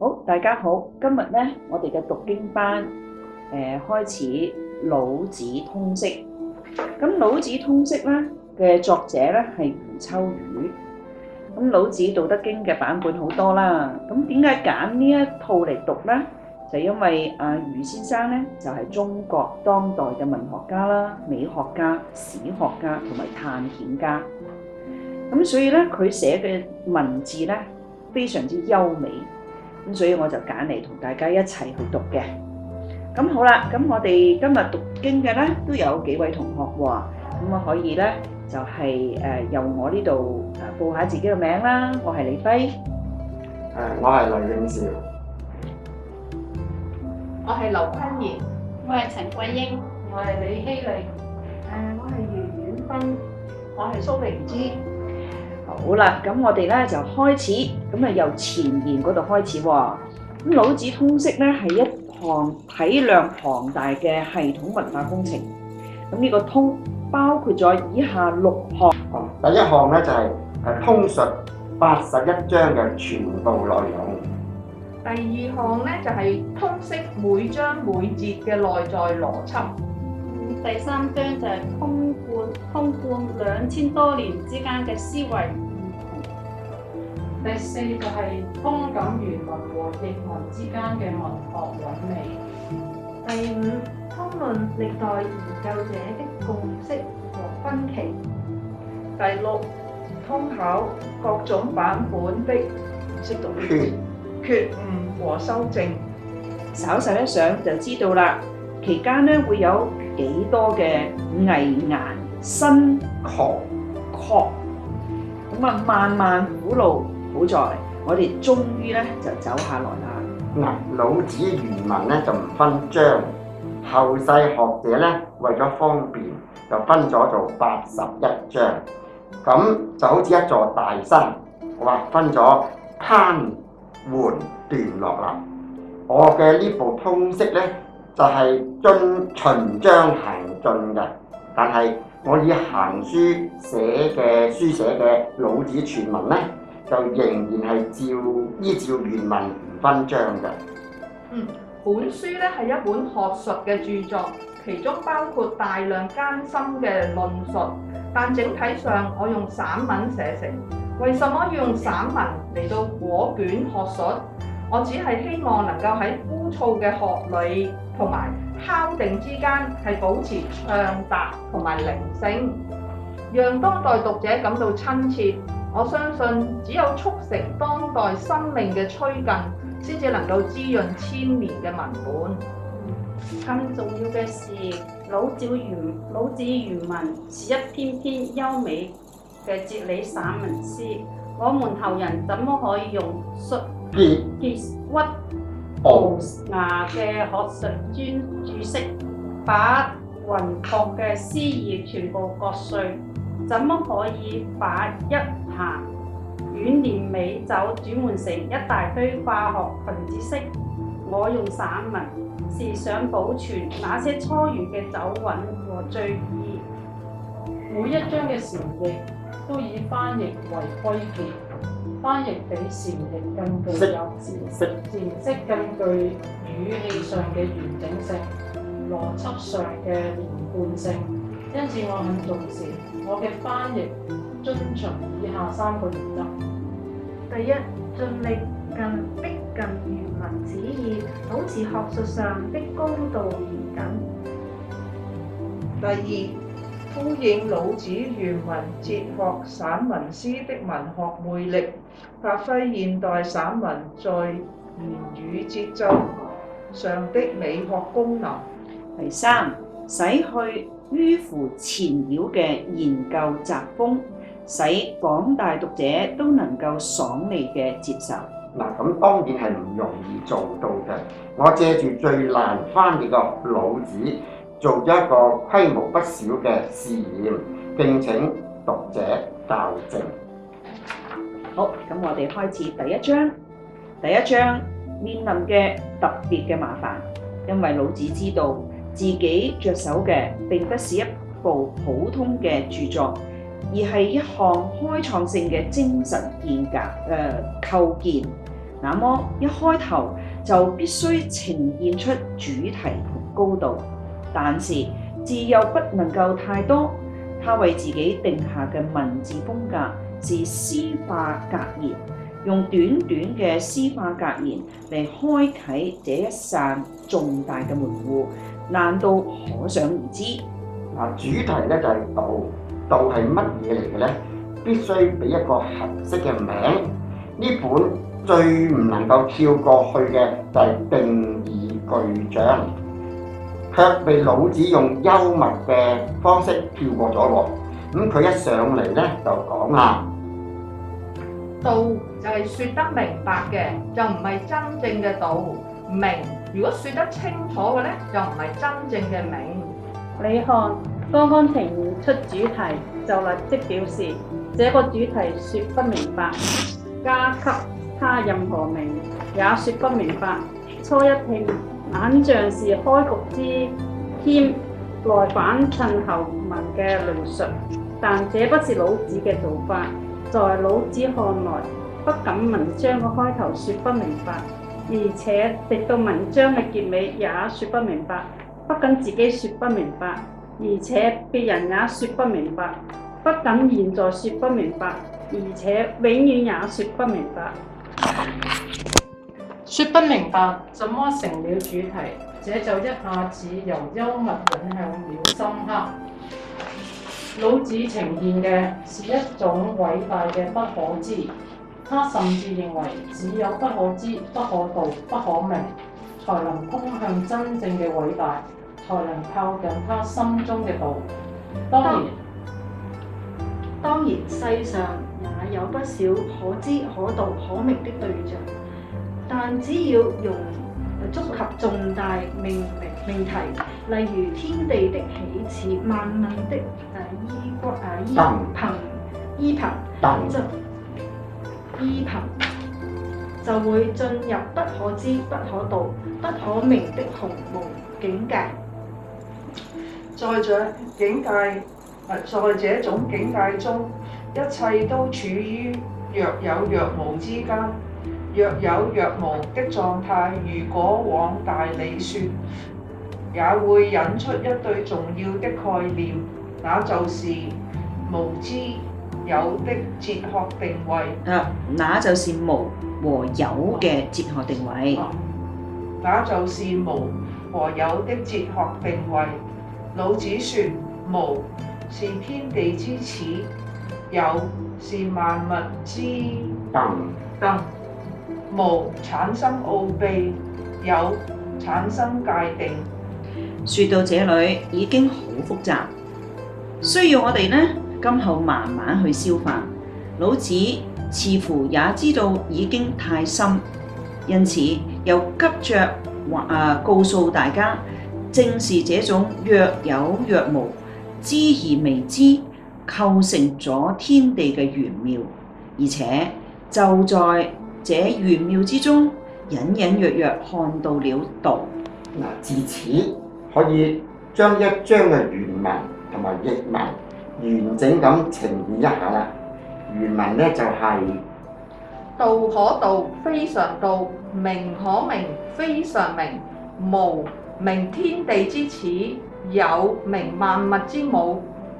好，大家好。今日咧，我哋嘅讀經班誒開始《老子通釋》。咁《老子通釋》咧嘅作者咧係余秋雨。咁《老子》《道德經》嘅版本好多啦。咁點解揀呢一套嚟讀咧？就因為阿余先生咧就係中國當代嘅文學家啦、美學家、史學家同埋探險家。咁所以咧，佢寫嘅文字咧非常之優美。咁所以我就揀嚟同大家一齊去讀嘅。咁好啦，咁我哋今日讀經嘅咧都有幾位同學喎，咁我可以咧就係誒由我呢度誒報下自己嘅名啦。我係李輝。誒，我係黎英兆。我係劉坤儀。我係陳桂英。我係李希利。誒，我係余婉芬。我係蘇玲芝。好啦，咁我哋咧就開始，咁啊由前言嗰度開始喎。咁老子通釋咧係一項體量龐大嘅系統文化工程。咁、這、呢個通包括咗以下六項。第一項咧就係通述八十一章嘅全部內容。第二項咧就係通識每章每節嘅內在邏輯。第三章就係通貫通貫兩千多年之間嘅思維異同。第四就係通感原文和譯文之間嘅文學韻味。第五通論歷代研究者的共識和分歧。第六通考各種版本的識讀缺誤和修正。稍想一想就知道啦。期間呢會有，幾多嘅危難、辛狂、苦。咁啊，漫漫苦路，好在我哋終於咧就走下來啦。嗱，老子原文咧就唔分章，後世學者咧為咗方便，就分咗做八十一章。咁就好似一座大山，劃分咗攀援段落啦。我嘅呢部通釋咧。就係遵循章行進嘅，但係我以行書寫嘅書寫嘅《老子》全文咧，就仍然係照依照原文唔分章嘅。嗯，本書咧係一本學術嘅著作，其中包括大量艱深嘅論述，但整體上我用散文寫成。為什麼要用散文嚟到裹捲學術？我只係希望能夠喺枯燥嘅學理，同埋敲定之間係保持暢達同埋靈性，讓當代讀者感到親切。我相信只有促成當代生命嘅催進，先至能夠滋潤千年嘅文本。更重要嘅係，《老子》原《老子》原文是一篇篇優美嘅哲理散文詩，我們後人怎麼可以用縮結屈？鋭牙嘅學術專注式，把雲薄嘅詩意全部割碎。怎麼可以把一壇遠年美酒轉換成一大堆化學分子式？我用散文，是想保存那些初遇嘅酒韻和醉意。每一章嘅成語都以翻譯為規矩。翻譯比詞彙更具有知識，字詞更具語氣上嘅完整性、邏輯上嘅連貫性，因此我很重視我嘅翻譯，遵循以下三個原則：第一，盡力更逼近原文旨意，保持學術上的公道嚴謹；第二，呼應老子原文哲學散文詩的文學魅力，發揮現代散文在言語節奏上的美學功能。第三，洗去迂腐纏繞嘅研究習風，使廣大讀者都能夠爽利嘅接受。嗱，咁當然係唔容易做到嘅。我借住最難翻譯個《老子》。做一個規模不小嘅試驗，敬請讀者校正。好，咁我哋開始第一章。第一章面臨嘅特別嘅麻煩，因為老子知道自己着手嘅並不是一部普通嘅著作，而係一項開創性嘅精神建格誒、呃、構建。那麼一開頭就必須呈現出主題高度。但是字又不能夠太多，他為自己定下嘅文字風格是詩化格言，用短短嘅詩化格言嚟開啟這一扇重大嘅門戶，難度可想而知。嗱，主題咧就係道，道係乜嘢嚟嘅咧？必須俾一個合適嘅名。呢本最唔能夠跳過去嘅就係定義巨掌。卻被老子用幽默嘅方式跳過咗過。咁佢一上嚟咧就講啦，道就係説得明白嘅，就唔係真正嘅道；名如果説得清楚嘅咧，就唔係真正嘅名。你看，剛剛提出主題就立即表示，這個主題説不明白，加給他任何名也説不明白。初一聽。眼像是開局之謎，來反襯後文嘅論述。但這不是老子嘅做法。在老子看來，不僅文章嘅開頭説不明白，而且直到文章嘅結尾也説不明白。不僅自己説不明白，而且別人也説不明白。不僅現在説不明白，而且永遠也説不明白。說不明白，怎麼成了主題？這就一下子由幽默引向了深刻。老子呈現嘅是一種偉大嘅不可知，他甚至認為只有不可知、不可道、不可明，才能通向真正嘅偉大，才能靠近他心中嘅道。當然，當然，當然世上也有不少可知、可道、可明的對象。但只要用觸及重大命命命題，例如天地的起始、萬物的誒、啊、依骨誒、啊、依憑依，依，依憑，就依憑就會進入不可知、不可道、不可名的鴻蒙境界。在這境界，啊，在這種境界中，一切都處於若有若無之間。若有若無的狀態，如果往大裡説，也會引出一對重要的概念，那就是無之有的哲學定位。啊，那就是無和有嘅哲學定位。那就是無和有的哲學定位。老子説：無是天地之始，有是萬物之。登、嗯啊無產生奧秘，有產生界定。說到這裏已經好複雜，需要我哋呢今後慢慢去消化。老子似乎也知道已經太深，因此又急着、呃、告訴大家，正是這種若有若無、知而未知，構成咗天地嘅玄妙，而且就在。這玄妙之中，隱隱約約看到了道。自此可以將一章嘅原文同埋譯文完整咁呈現一下。原文呢就係、是：道可道，非常道；名可名，非常名。無名天地之始，有名萬物之母。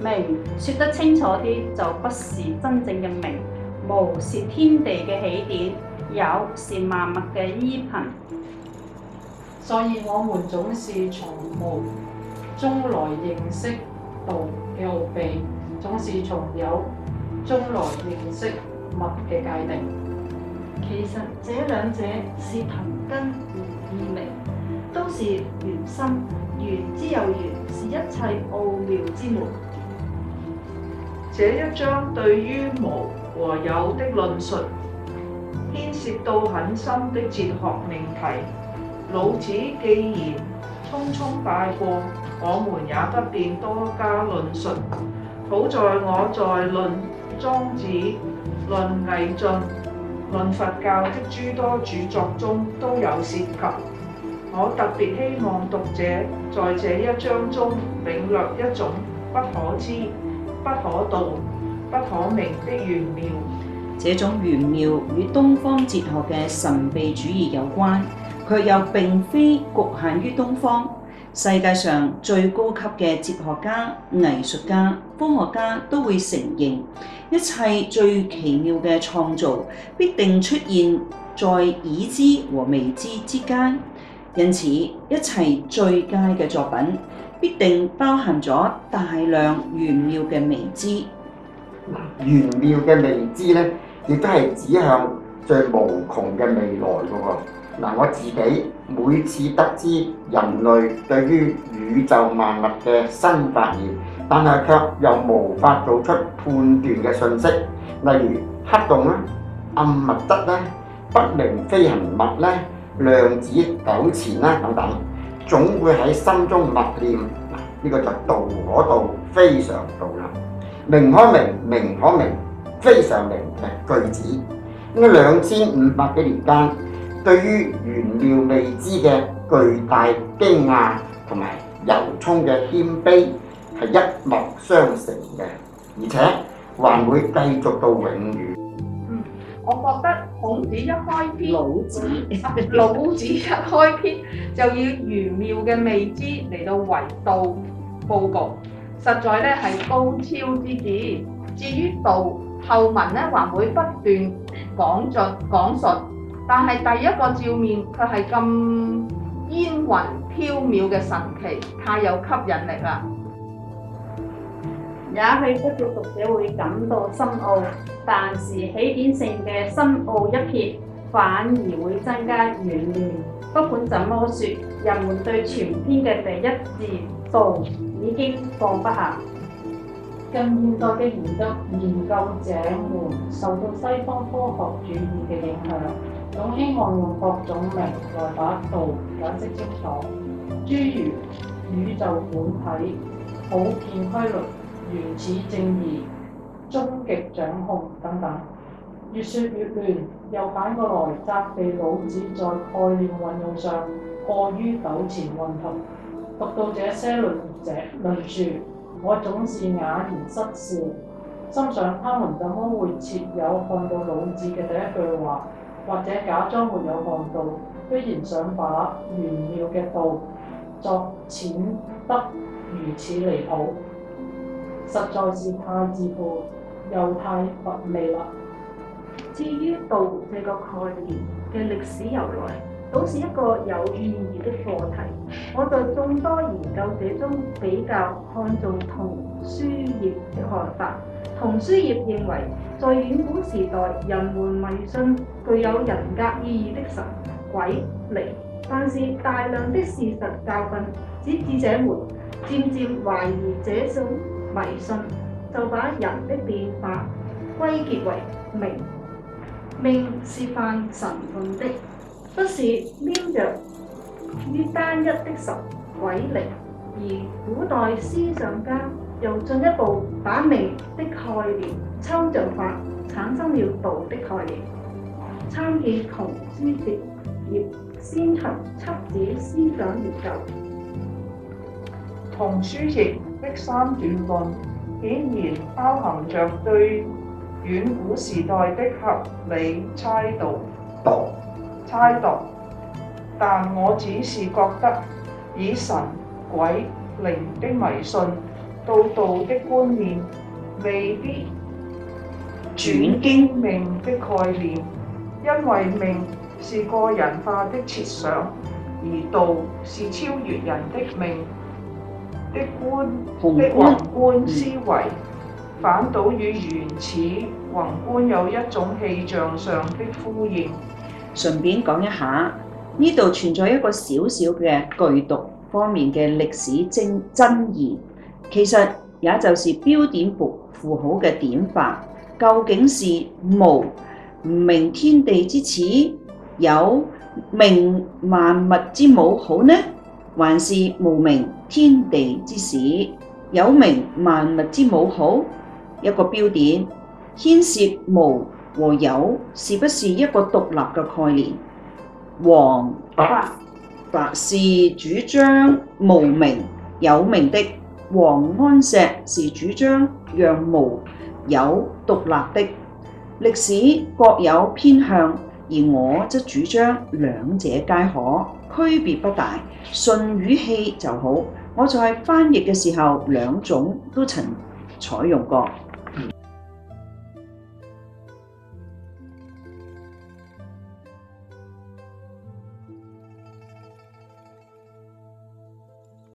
明說得清楚啲，就不是真正嘅明。無是天地嘅起點，有是萬物嘅依憑。所以我們總是從無中來認識道嘅奧秘，總是從有中來認識物嘅界定。其實，這兩者是同根而異名，都是玄深，玄之又玄，是一切奧妙之門。這一章對於無和有的論述，牽涉到很深的哲學命題。老子既然匆匆帶過，我們也不便多加論述。好在我在論莊子、論魏晉、論佛教的諸多著作中都有涉及。我特別希望讀者在這一章中領略一種不可知。不可道、不可名的玄妙。這種玄妙與東方哲學嘅神秘主義有關，卻又並非局限於東方。世界上最高級嘅哲學家、藝術家、科學家都會承認，一切最奇妙嘅創造必定出現在已知和未知之間，因此一切最佳嘅作品。必定包含咗大量玄妙嘅未知，玄妙嘅未知呢，亦都係指向最無窮嘅未來嘅。嗱，我自己每次得知人類對於宇宙萬物嘅新發現，但係卻又無法做出判斷嘅信息，例如黑洞啦、暗物質啦、不明飛行物啦、量子糾纏啦等等。總會喺心中默念，呢、這個就道可道，非常道啦。明可明，明可明，非常明嘅句子。呢啊，兩千五百幾年間，對於原料未知嘅巨大驚訝同埋由衷嘅謙卑，係一脈相承嘅，而且還會繼續到永遠。我覺得孔子一開篇，老子 老子一開篇就要玄妙嘅未知嚟到為道佈局，實在咧係高超之至。至於道後文咧，還會不斷講述講述，但係第一個照面佢係咁煙雲飄渺嘅神奇，太有吸引力啦！也許不少讀者會感到深奧，但是起點性嘅深奧一撇，反而會增加懸念。不管怎麼說，人們對全篇嘅第一字道已經放不下。近現代嘅研究研究者們受到西方科學主義嘅影響，總希望用各種名來把道解釋清楚，諸如宇宙本體、普遍規律。如此正義、終極掌控等等，越説越亂，又反過來責備老子在概念運用上過於糾纏混合。讀到這些論者論述，我總是啞然失笑，心想他們怎麼會沒有看到老子嘅第一句話，或者假裝沒有看到，居然想把玄妙嘅道作淺得如此離譜？實在是太自負又太乏味啦。至於道這個概念嘅歷史由來，倒是一個有意義的課題。我在眾多研究者中比較看重童書業的看法。童書業認為，在遠古時代，人們迷信具有人格意義的神鬼靈，但是大量的事實教訓，指智者們漸漸懷疑這種迷信就把人的變化歸結為命，命是泛神論的，不是黏着於單一的神鬼靈。而古代思想家又進一步把命的概念抽象化，產生了道的概念。參見業業《紅書節業先秦七子思想研究》。《紅書》亦的三段論，顯然包含着對遠古時代的合理猜度。猜度，但我只是覺得，以神、鬼、靈的迷信到道的觀念，未必轉經命的概念，因為命是個人化的設想，而道是超越人的命。的觀宏觀思維，反倒與原始宏觀有一種氣象上的呼應。順便講一下，呢度存在一個小小嘅句讀方面嘅歷史爭爭議，其實也就是標點符符號嘅點法，究竟是無名天地之始，有名萬物之母好呢，還是無名，天地之始，有名萬物之母好。好一個標點牽涉無和有，是不是一個獨立嘅概念？王弼,弼是主張無名有名的，王安石是主張讓無有獨立的。歷史各有偏向，而我則主張兩者皆可，區別不大，順語氣就好。我在翻譯嘅時候，兩種都曾採用過。